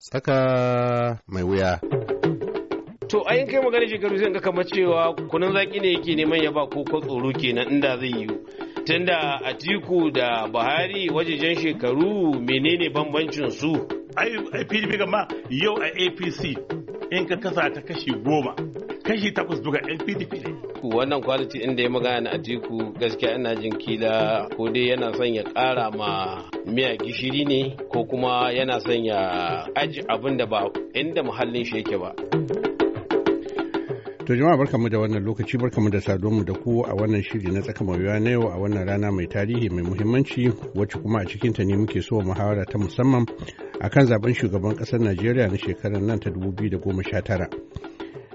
Saka mai wuya. To a kai magana shekaru zai ga kama cewa kunan zaki ne yake neman ya ba ko tsoro kenan inda zai yiwu. Tunda Atiku da Buhari wajejen shekaru menene bambancin su? Ai ga gama yau a APC in ka kasa ta kashi goma kashi takwas duka yan pdp ne wannan kwaliti inda ya magana a tiku gaskiya ina jin kila ko dai yana son ya kara ma miya gishiri ne ko kuma yana son ya aji abin da ba inda muhallin shi yake ba To jama'a barkamu da wannan lokaci barkamu da mu da ku a wannan shiri na tsaka mawuya na yau a wannan rana mai tarihi mai muhimmanci wacce kuma a cikinta ne muke so muhawara ta musamman A kan zaben shugaban ƙasar najeriya na shekarar nan ta 2019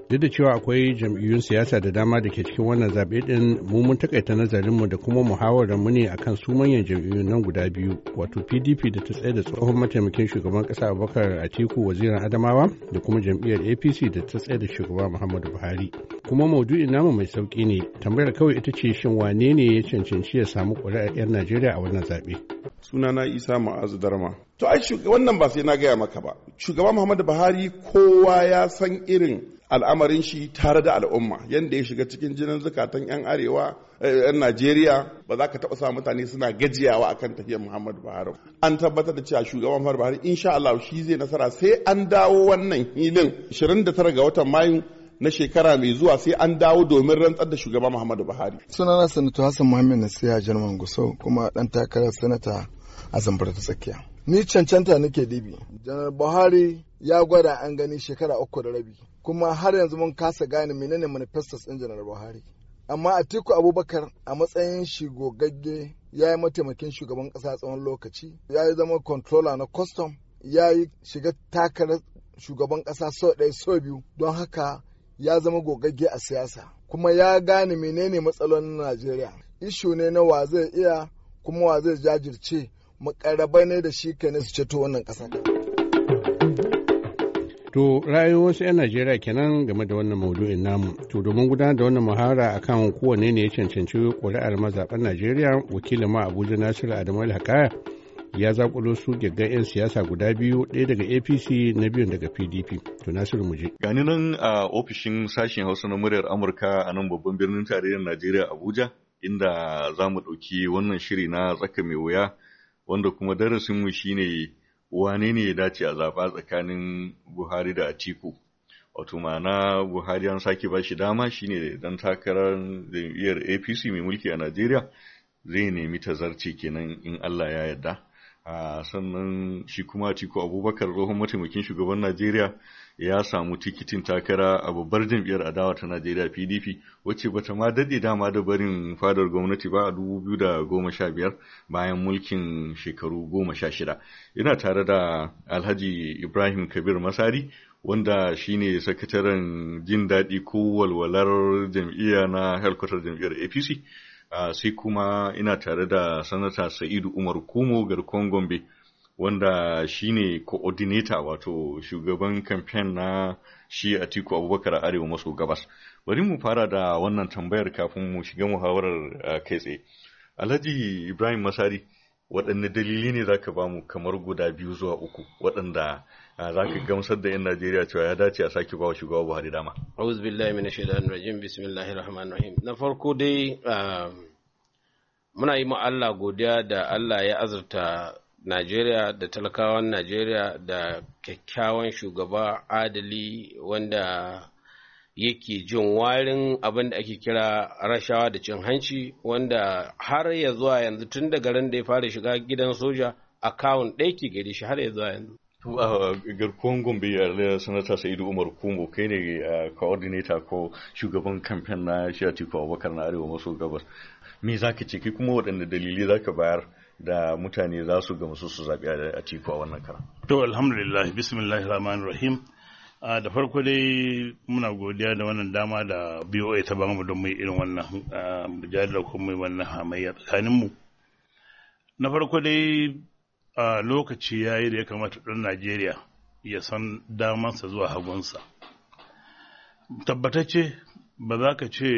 duk da cewa akwai jam'iyyun siyasa da dama da ke cikin wannan zaɓe ɗin mu mun takaita nazarinmu da kuma muhawarar mu ne akan su manyan jam'iyyun nan guda biyu wato pdp da ta tsaye da tsohon mataimakin shugaban ƙasa abubakar atiku wazirin adamawa da kuma jam'iyyar apc da ta tsaye da shugaba muhammadu buhari kuma maudu'in namu mai sauƙi ne tambayar kawai ita ce shin wane ne ya cancanci ya samu ƙuri'ar 'yan najeriya a wannan zaɓe sunana isa ma'azu darma to ai wannan ba sai na gaya maka ba Shugaban muhammadu buhari kowa ya san irin al'amarin shi tare da al'umma yadda ya shiga cikin jinin zukatan 'yan arewa 'yan eh, najeriya ba za ka taɓa sa mutane suna gajiyawa akan tafiyar muhammadu buhari an tabbatar da cewa shugaban muhammadu buhari insha allah shi zai nasara sai an dawo wannan hilin 29 ga watan mayu na shekara mai zuwa sai an dawo domin rantsar da shugaba muhammadu buhari sunana sanata hassan muhammad nasiha jerman gusau kuma dan takarar sanata a zamfara ta tsakiya ni cancanta nake dibi janar buhari ya gwada an gani shekara uku da rabi kuma har yanzu mun kasa gane menene manifestos ɗin janar buhari amma atiku abubakar a matsayin shi gogagge ya yi mataimakin shugaban ƙasa tsawon lokaci ya yi zama controller na custom ya yi shiga takarar shugaban ƙasa sau ɗaya sau biyu don haka ya zama gogagge a siyasa kuma ya gane menene matsalolin najeriya ishu ne na wa zai iya kuma wa zai jajirce makarabai ne da shi kenan ne su ceto wannan ƙasa. To rayuwar wasu 'yan Najeriya kenan game da wannan maudu'in namu. To domin gudanar da wannan muhara akan kowane ne ya cancanci ƙuri'ar mazaɓen Najeriya wakilin ma Abuja Nasiru Adamu Alhakaya ya zaƙulo su gaggan 'yan siyasa guda biyu ɗaya daga apc na biyun daga pdp to nasiru muje gani nan a ofishin sashen hausa na muryar amurka a nan babban birnin tarayyar najeriya abuja inda za mu ɗauki wannan shiri na tsaka mai wuya wanda kuma darasin mu shine wane ne ya dace a zaɓa tsakanin Buhari da Atiku. Wato ma'ana Buhari an sake ba shi dama shine dan takarar jam'iyyar APC mai mulki a Najeriya zai nemi ta tazarci kenan in Allah ya yarda. Ah, sannan shi kuma Atiku Abubakar tsohon mataimakin shugaban Najeriya ya samu tikitin takara a babbar jam'iyyar adawa ta Najeriya PDP wacce bata ma dade dama da barin fadar gwamnati ba a 2015 bayan mulkin shekaru 16 ina tare da Alhaji Ibrahim Kabir Masari wanda shine sakataren jin daɗi ko walwalar jam'iyya na helkwatar jam'iyyar APC ah, sai kuma ina tare da sanata Sa'idu Umar Kumo garkon Gombe wanda shi ne coordinator wato shugaban kamfen na shi Atiku Abubakar a Arewa maso gabas. Bari mu fara da wannan tambayar kafin mu shiga muhawarar kai tsaye. Alhaji Ibrahim Masari, waɗanne dalili ne za ka ba mu kamar guda biyu zuwa uku waɗanda za ka gamsar da 'yan Najeriya cewa ya dace a sake ba wa shugaba Buhari dama. Na farko dai muna yi ma Allah godiya da Allah ya azurta najeriya da talakawan najeriya da kyakkyawan shugaba adali wanda yake jin warin abin da ake kira rashawa da cin hanci wanda har ya zuwa yanzu tun daga ran da ya fara shiga gidan soja akawun ɗaya ke gari shi har ya zuwa yanzu a garkuwan gombe a sanata sa'idu umar kumbo kai ne coordinator ko shugaban kamfen na shi tikwa abubakar na arewa maso gabas me za ka ce kai kuma waɗanne dalilai ka bayar da mutane za su gamsu su zaɓi a tiku a wannan karan. To alhamdulillah bismillah rahman rahim da farko dai muna godiya da wannan dama da BOA ta bamu don mu irin wannan mujadala ko mu wannan hamayya tsakanin mu. Na farko dai a lokaci yayi da ya kamata ɗan Najeriya ya san damansa zuwa hagunsa. Tabbatacce ba za ka ce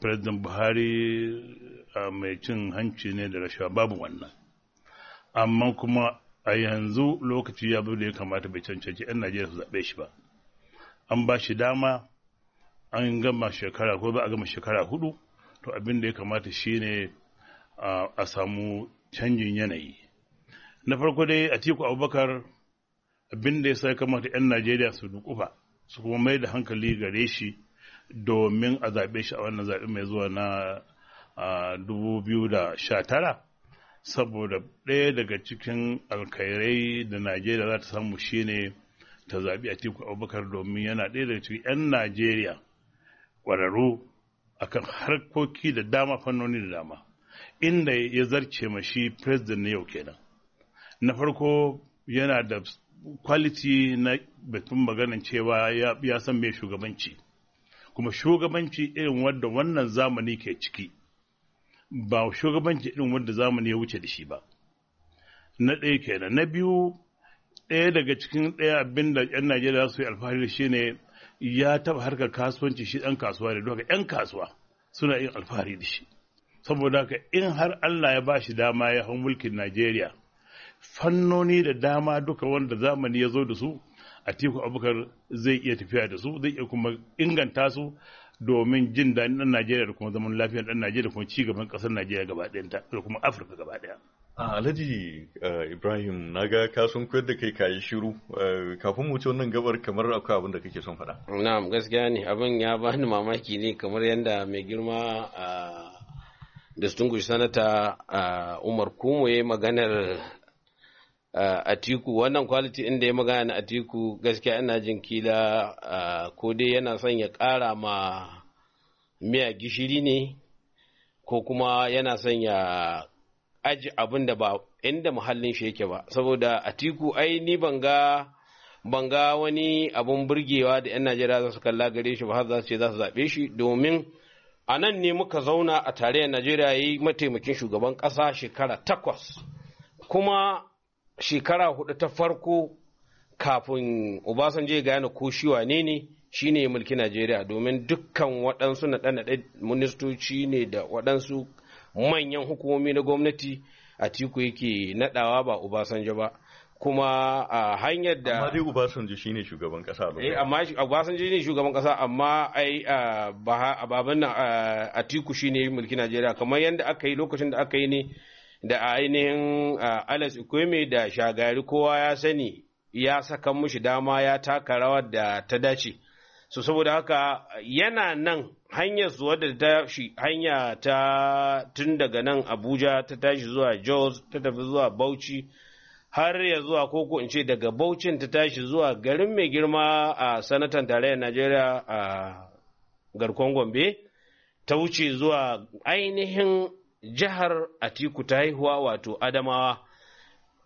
President Buhari A mai cin hanci ne da rashawa babu wannan amma kuma a yanzu lokaci ya da ya kamata bai cancanci 'yan najeriya su zaɓe shi ba an ba shi dama an gama shekara ko ba a gama shekara hudu to abin da ya kamata shi ne a samu canjin yanayi na farko dai a tiku abubakar abin da ya sai kamata 'yan najeriya su dukufa su kuma mai da hankali gare shi domin a zaɓe shi a wannan zaɓe mai zuwa na a 2019 saboda ɗaya daga cikin alkairai da najeriya za ta samu shine ta zaɓi a tiku abubakar domin yana ɗaya daga cikin 'yan najeriya ƙwararru akan harkoki da dama fannoni da dama inda ya zarce shi president na yau kenan na farko yana da kwaliti na batun maganin cewa ya san mai shugabanci kuma shugabanci irin wadda wannan zamani ke ciki ba shugabanci irin wanda zamani ya wuce da shi ba na ɗaya kenan na biyu ɗaya daga cikin ɗaya abin da 'yan najeriya za su yi alfahari da shi ne ya taɓa harkar kasuwanci shi ɗan kasuwa da duka 'yan kasuwa suna yin alfahari da shi saboda haka in har allah ya ba shi dama ya hau mulkin najeriya fannoni da dama duka wanda zamani ya zo da su a tiku abubakar zai iya tafiya da su zai iya kuma inganta su domin jin daɗin ɗan Najeriya da kuma zaman lafiyar ɗan Najeriya da kuma gaban ƙasar Najeriya gaba ɗayanta da kuma Afirka gaba ɗaya. Alhaji eh, Ibrahim na ga ka sun koyar da kai ka yi shiru eh, kafin mu ci wannan gabar kamar akwai abin da kake son faɗa. Na'am gaskiya ne abin ya bani mamaki ne kamar yadda mai girma eh, distinguished sanata umar kumo ya maganar Eh, tiku wannan quality inda ya magana na tiku gaskiya ina jin kila eh, ko dai yana son ya kara ma miya gishiri ne ko kuma yana son ya aji abin da ba inda muhallin shi yake ba saboda Atiku ai ni ban ga wani abun burgewa da 'yan Najeriya za su kalla gare shi ba har za su ce za su zaɓe shi domin a nan ne muka zauna a tarayyar Najeriya yi mataimakin shugaban ƙasa shekara takwas kuma shekara hudu ta farko kafin Obasanjo ya gane ko shi wane ne shi ne mulki Najeriya domin dukkan waɗansu na ɗan ministoci ne da waɗansu manyan hukumomi na gwamnati a tiku yake naɗawa ba Obasanjo ba. kuma a hanyar da amma dai Obasanjo shine shugaban kasa ba eh amma Obasanjo shine shugaban kasa amma ai a baban nan Atiku shine mulki Najeriya kamar yadda aka yi lokacin da aka yi ne da ainihin Alex ikwemi da shagari kowa ya sani ya saka mushi dama ya taka rawar da ta dace. So saboda haka yana nan hanyar zuwa da ta shi hanya ta tun daga nan Abuja ta tashi zuwa Jos ta tafi zuwa Bauchi har ya zuwa koko in ce daga Bauchin ta tashi zuwa garin mai girma a sanatan tarayyar Najeriya a garkon Gombe ta wuce zuwa ainihin jihar Atiku ta haihuwa wato Adamawa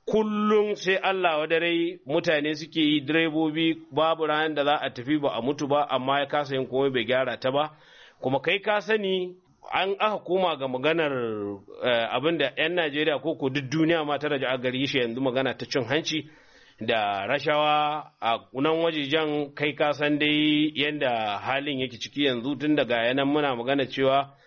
kullum sai Allah wa dare mutane suke yi direbobi babu ranar da za a tafi ba a mutu ba amma ya kasa yin komai bai gyara ta ba kuma kai ka sani an aka koma ga maganar eh, abin da 'yan Najeriya ko ko duk duniya ma ta raja gari shi yanzu magana ta cin hanci da rashawa a kunan wajejen kai ka san dai yadda halin yake ciki yanzu tun daga yanan muna magana cewa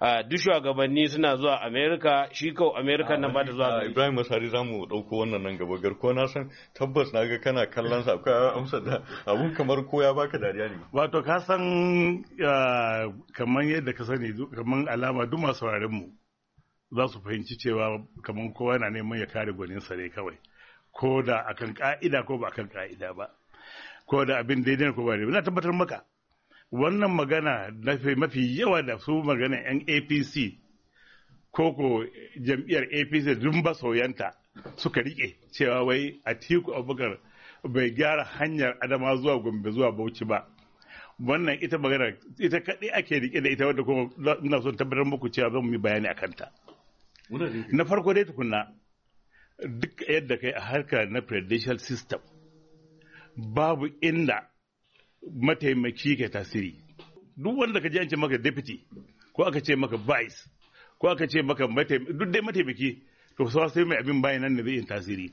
Ah, duk shugabanni suna zuwa amerika shi kawo amerika nan ba da zuwa ah, ibrahim masari za mu ɗauko wannan nan gaba garko na san tabbas na ga kana kallon sa akwai amsa da abun kamar ko ya baka dariya ne wato ka san ah, kamar yadda ka sani kamar alama duk masu mu za su fahimci cewa kamar kowa na neman ya kare gwanin sare kawai ko da akan ka'ida ko ba akan ka'ida ba ko da abin daidai ko ba daidai na tabbatar maka wannan magana mafi yawa da su magana 'yan apc koko jam'iyyar apc dun ba soyanta suka rike cewa wai a tiku abubakar bai gyara hanyar adama zuwa gombe zuwa bauchi ba wannan ita magana ita kaɗai ake rike da ita wadda kuma ina son tabbatar muku cewa zan yi bayani a kanta na farko dai tukunna duk yadda kai a harka na presidential system babu inda mataimaki ke tasiri duk wanda ka ji an ce maka deputy ko aka ce maka vice ko aka ce maka duk dai mataimaki to sawa sai mai abin bayan nan da zai yin tasiri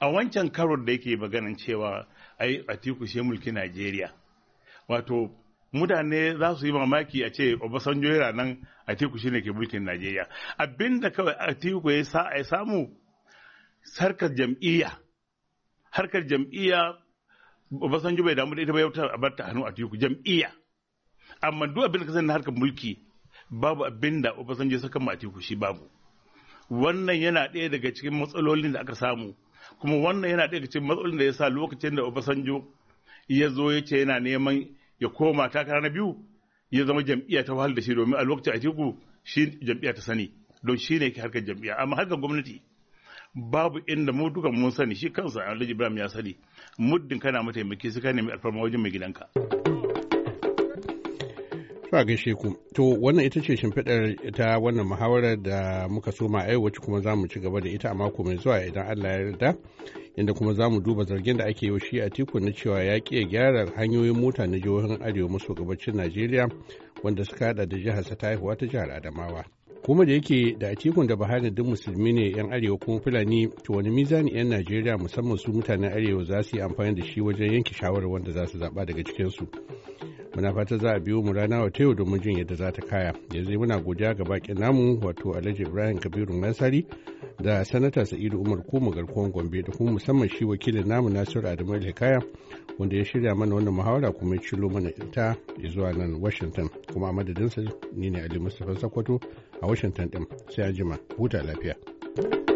a wancan karon da yake maganan cewa ai atiku shi mulki najeriya wato mutane za su yi mamaki a ce obasanjo yana nan atiku shine ke mulkin najeriya abinda kawai atiku ya samu sarkar jam'iyya harkar jam'iyya Obasanjo bai damu da ita ba ya a bar ta hannu a teku jam'iyya amma duk abin da ka na harkar mulki babu abin da Obasanjo saka mu a teku shi babu wannan yana ɗaya daga cikin matsalolin da aka samu kuma wannan yana ɗaya daga cikin matsalolin da ya sa lokacin da Obasanjo ya zo ya ce yana neman ya koma takara na biyu ya zama jam'iyya ta wahal da shi domin a lokacin a teku shi jam'iyya ta sani don shi ne ke harkar jam'iyya amma harkar gwamnati babu inda mu duka mun sani shi kansa Alhaji Ibrahim ya sani muddin kana mataimaki sai ka nemi alfarma wajen mai gidanka. Ba gaishe ku. To wannan ita ce shimfiɗar ta wannan muhawarar da muka soma a yau kuma za mu ci gaba da ita a mako mai zuwa idan Allah ya yarda. Inda kuma za mu duba zargin da ake yi shi a tiku na cewa ya ƙi gyara hanyoyin mota na jihohin Arewa maso gabacin Najeriya wanda suka haɗa da jihar ta haihuwa ta jihar Adamawa. kuma da yake da atikun da buhari duk musulmi ne yan arewa kuma fulani to wani mizani yan najeriya musamman su mutanen arewa za su yi amfani da shi wajen yanke shawarar wanda za su zaɓa daga cikinsu muna fata za a biyo mu rana wa yau domin jin yadda za ta kaya yanzu muna godiya ga bakin namu wato alhaji ibrahim kabiru mansari da sanata sa'idu umar kuma garkuwan gombe da kuma musamman shi wakilin namu nasiru adamu hikaya wanda ya shirya mana wannan muhawara kuma ya cilo mana ita zuwa nan washington kuma a madadinsa ni ne ali mustapha sakwato a washington din sai an jima huta lafiya. thank you